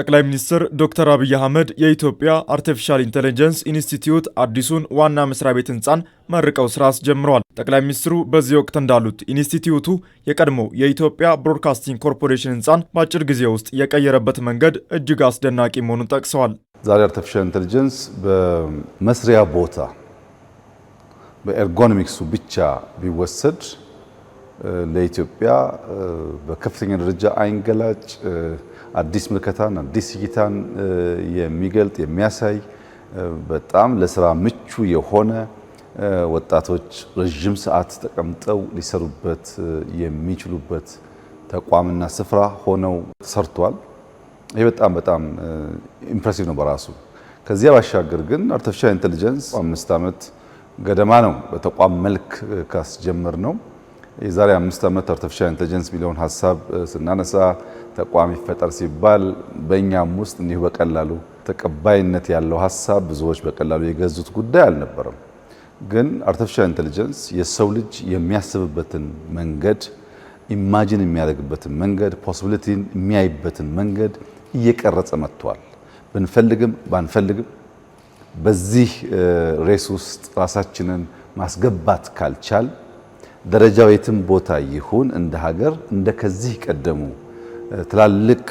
ጠቅላይ ሚኒስትር ዶክተር አብይ አህመድ የኢትዮጵያ አርቲፊሻል ኢንቴሊጀንስ ኢንስቲትዩት አዲሱን ዋና መስሪያ ቤት ህንፃን መርቀው ስራ አስጀምረዋል። ጠቅላይ ሚኒስትሩ በዚህ ወቅት እንዳሉት ኢንስቲትዩቱ የቀድሞ የኢትዮጵያ ብሮድካስቲንግ ኮርፖሬሽን ህንፃን በአጭር ጊዜ ውስጥ የቀየረበት መንገድ እጅግ አስደናቂ መሆኑን ጠቅሰዋል። ዛሬ አርቲፊሻል ኢንቴሊጀንስ በመስሪያ ቦታ በኤርጎኖሚክሱ ብቻ ቢወሰድ ለኢትዮጵያ በከፍተኛ ደረጃ አይንገላጭ አዲስ ምልከታን አዲስ እይታን የሚገልጥ የሚያሳይ በጣም ለስራ ምቹ የሆነ ወጣቶች ረዥም ሰዓት ተቀምጠው ሊሰሩበት የሚችሉበት ተቋምና ስፍራ ሆነው ተሰርቷል። ይህ በጣም በጣም ኢምፕሬሲቭ ነው በራሱ። ከዚያ ባሻገር ግን አርቲፊሻል ኢንቴሊጀንስ አምስት ዓመት ገደማ ነው በተቋም መልክ ካስጀመር ነው የዛሬ አምስት ዓመት አርቲፊሻል ኢንቴሊጀንስ የሚለውን ሀሳብ ስናነሳ ተቋም ይፈጠር ሲባል በእኛም ውስጥ እንዲሁ በቀላሉ ተቀባይነት ያለው ሀሳብ ብዙዎች በቀላሉ የገዙት ጉዳይ አልነበረም። ግን አርቲፊሻል ኢንቴሊጀንስ የሰው ልጅ የሚያስብበትን መንገድ፣ ኢማጂን የሚያደርግበትን መንገድ፣ ፖሲቢሊቲን የሚያይበትን መንገድ እየቀረጸ መጥቷል። ብንፈልግም ባንፈልግም በዚህ ሬስ ውስጥ ራሳችንን ማስገባት ካልቻል ደረጃው የትም ቦታ ይሁን እንደ ሀገር እንደ ከዚህ ቀደሙ ትላልቅ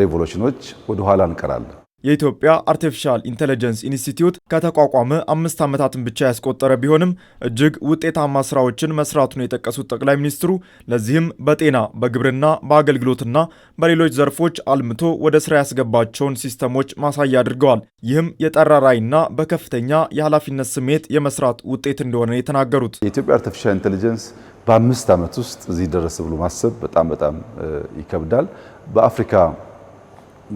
ሬቮሉሽኖች ወደኋላ እንቀራለን። የኢትዮጵያ አርቲፊሻል ኢንቴሊጀንስ ኢንስቲትዩት ከተቋቋመ አምስት ዓመታትን ብቻ ያስቆጠረ ቢሆንም እጅግ ውጤታማ ስራዎችን መስራቱን የጠቀሱት ጠቅላይ ሚኒስትሩ ለዚህም በጤና፣ በግብርና፣ በአገልግሎትና በሌሎች ዘርፎች አልምቶ ወደ ስራ ያስገባቸውን ሲስተሞች ማሳያ አድርገዋል። ይህም የጠራራይና በከፍተኛ የኃላፊነት ስሜት የመስራት ውጤት እንደሆነ የተናገሩት የኢትዮጵያ አርቲፊሻል ኢንቴሊጀንስ በአምስት ዓመት ውስጥ እዚህ ደረስ ብሎ ማሰብ በጣም በጣም ይከብዳል። በአፍሪካ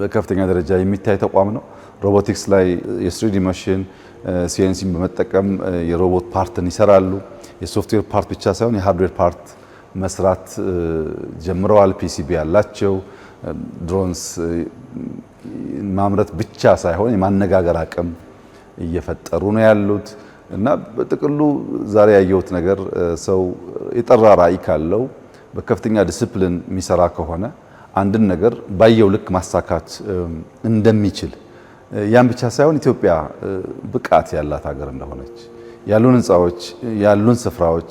በከፍተኛ ደረጃ የሚታይ ተቋም ነው። ሮቦቲክስ ላይ የስሪዲ ማሽን ሲኤንሲን በመጠቀም የሮቦት ፓርትን ይሰራሉ። የሶፍትዌር ፓርት ብቻ ሳይሆን የሃርድዌር ፓርት መስራት ጀምረዋል። ፒሲቢ ያላቸው ድሮንስ ማምረት ብቻ ሳይሆን የማነጋገር አቅም እየፈጠሩ ነው ያሉት እና በጥቅሉ ዛሬ ያየሁት ነገር ሰው የጠራ ራዕይ ካለው በከፍተኛ ዲስፕሊን የሚሰራ ከሆነ አንድን ነገር ባየው ልክ ማሳካት እንደሚችል ያን ብቻ ሳይሆን ኢትዮጵያ ብቃት ያላት ሀገር እንደሆነች ያሉን ህንፃዎች፣ ያሉን ስፍራዎች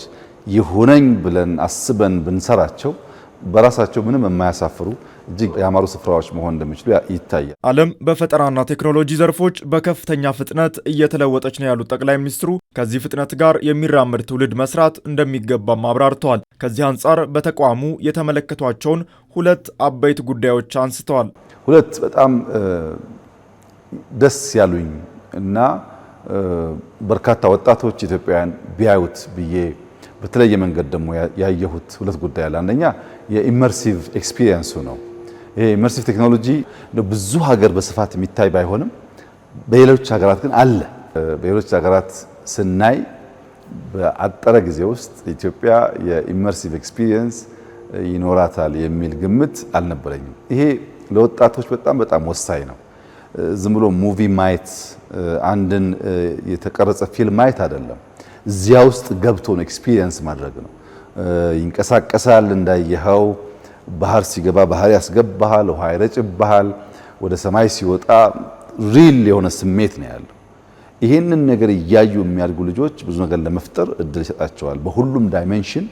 ይሁነኝ ብለን አስበን ብንሰራቸው በራሳቸው ምንም የማያሳፍሩ እጅግ ያማሩ ስፍራዎች መሆን እንደሚችሉ ይታያል። ዓለም በፈጠራና ቴክኖሎጂ ዘርፎች በከፍተኛ ፍጥነት እየተለወጠች ነው ያሉት ጠቅላይ ሚኒስትሩ ከዚህ ፍጥነት ጋር የሚራምድ ትውልድ መስራት እንደሚገባም አብራርተዋል። ከዚህ አንጻር በተቋሙ የተመለከቷቸውን ሁለት አበይት ጉዳዮች አንስተዋል። ሁለት በጣም ደስ ያሉኝ እና በርካታ ወጣቶች ኢትዮጵያውያን ቢያዩት ብዬ በተለየ መንገድ ደግሞ ያየሁት ሁለት ጉዳይ አለ። አንደኛ የኢመርሲቭ ኤክስፒሪየንሱ ነው። ይሄ ኢመርሲቭ ቴክኖሎጂ ብዙ ሀገር በስፋት የሚታይ ባይሆንም በሌሎች ሀገራት ግን አለ። በሌሎች ሀገራት ስናይ በአጠረ ጊዜ ውስጥ ኢትዮጵያ የኢመርሲቭ ኤክስፒሪየንስ ይኖራታል የሚል ግምት አልነበረኝም። ይሄ ለወጣቶች በጣም በጣም ወሳኝ ነው። ዝም ብሎ ሙቪ ማየት፣ አንድን የተቀረጸ ፊልም ማየት አይደለም። እዚያ ውስጥ ገብቶን ኤክስፒሪየንስ ማድረግ ነው። ይንቀሳቀሳል እንዳየኸው ባህር ሲገባ ባህር ያስገባሃል፣ ውሃ ይረጭብሃል። ወደ ሰማይ ሲወጣ ሪል የሆነ ስሜት ነው ያለው። ይህንን ነገር እያዩ የሚያድጉ ልጆች ብዙ ነገር ለመፍጠር እድል ይሰጣቸዋል። በሁሉም ዳይሜንሽን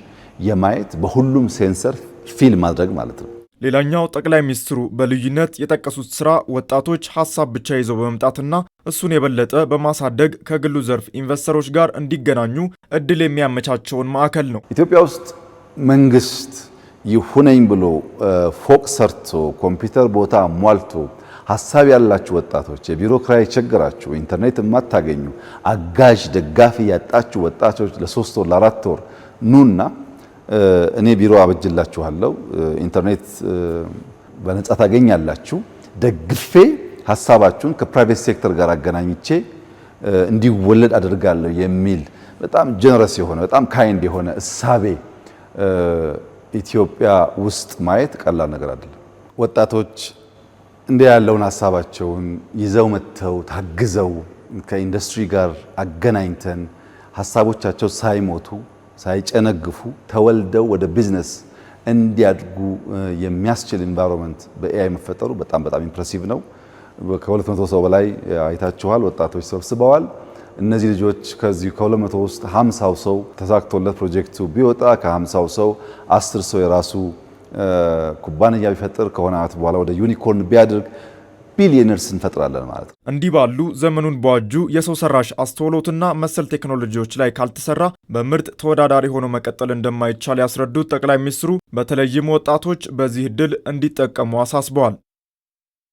የማየት በሁሉም ሴንሰር ፊል ማድረግ ማለት ነው። ሌላኛው ጠቅላይ ሚኒስትሩ በልዩነት የጠቀሱት ስራ ወጣቶች ሀሳብ ብቻ ይዘው በመምጣትና እሱን የበለጠ በማሳደግ ከግሉ ዘርፍ ኢንቨስተሮች ጋር እንዲገናኙ እድል የሚያመቻቸውን ማዕከል ነው። ኢትዮጵያ ውስጥ መንግስት ይሁነኝ ብሎ ፎቅ ሰርቶ ኮምፒውተር ቦታ ሟልቶ ሀሳብ ያላችሁ ወጣቶች፣ የቢሮ ክራይ የቸግራችሁ፣ ኢንተርኔት የማታገኙ አጋዥ ደጋፊ ያጣችሁ ወጣቶች ለሶስት ወር ለአራት ወር ኑና እኔ ቢሮ አበጅላችኋለሁ፣ ኢንተርኔት በነጻ ታገኛላችሁ፣ ደግፌ ሀሳባችሁን ከፕራይቬት ሴክተር ጋር አገናኝቼ እንዲወለድ አድርጋለሁ የሚል በጣም ጀነረስ የሆነ በጣም ካይንድ የሆነ እሳቤ ኢትዮጵያ ውስጥ ማየት ቀላል ነገር አይደለም። ወጣቶች እንዲህ ያለውን ሀሳባቸውን ይዘው መጥተው ታግዘው ከኢንዱስትሪ ጋር አገናኝተን ሀሳቦቻቸው ሳይሞቱ ሳይጨነግፉ ተወልደው ወደ ቢዝነስ እንዲያድጉ የሚያስችል ኢንቫይሮንመንት በኤአይ መፈጠሩ በጣም በጣም ኢምፕሬሲቭ ነው። ከሁለት መቶ ሰው በላይ አይታችኋል፣ ወጣቶች ሰብስበዋል። እነዚህ ልጆች ከዚህ ከሁለት መቶ ውስጥ ሀምሳው ሰው ተሳክቶለት ፕሮጀክቱ ቢወጣ ከሀምሳው ሰው አስር ሰው የራሱ ኩባንያ ቢፈጥር ከሆነ ዓመት በኋላ ወደ ዩኒኮርን ቢያድርግ ቢሊዮነርስ እንፈጥራለን ማለት ነው። እንዲህ ባሉ ዘመኑን በዋጁ የሰው ሰራሽ አስተውሎትና መሰል ቴክኖሎጂዎች ላይ ካልተሰራ በምርጥ ተወዳዳሪ ሆኖ መቀጠል እንደማይቻል ያስረዱት ጠቅላይ ሚኒስትሩ በተለይም ወጣቶች በዚህ እድል እንዲጠቀሙ አሳስበዋል።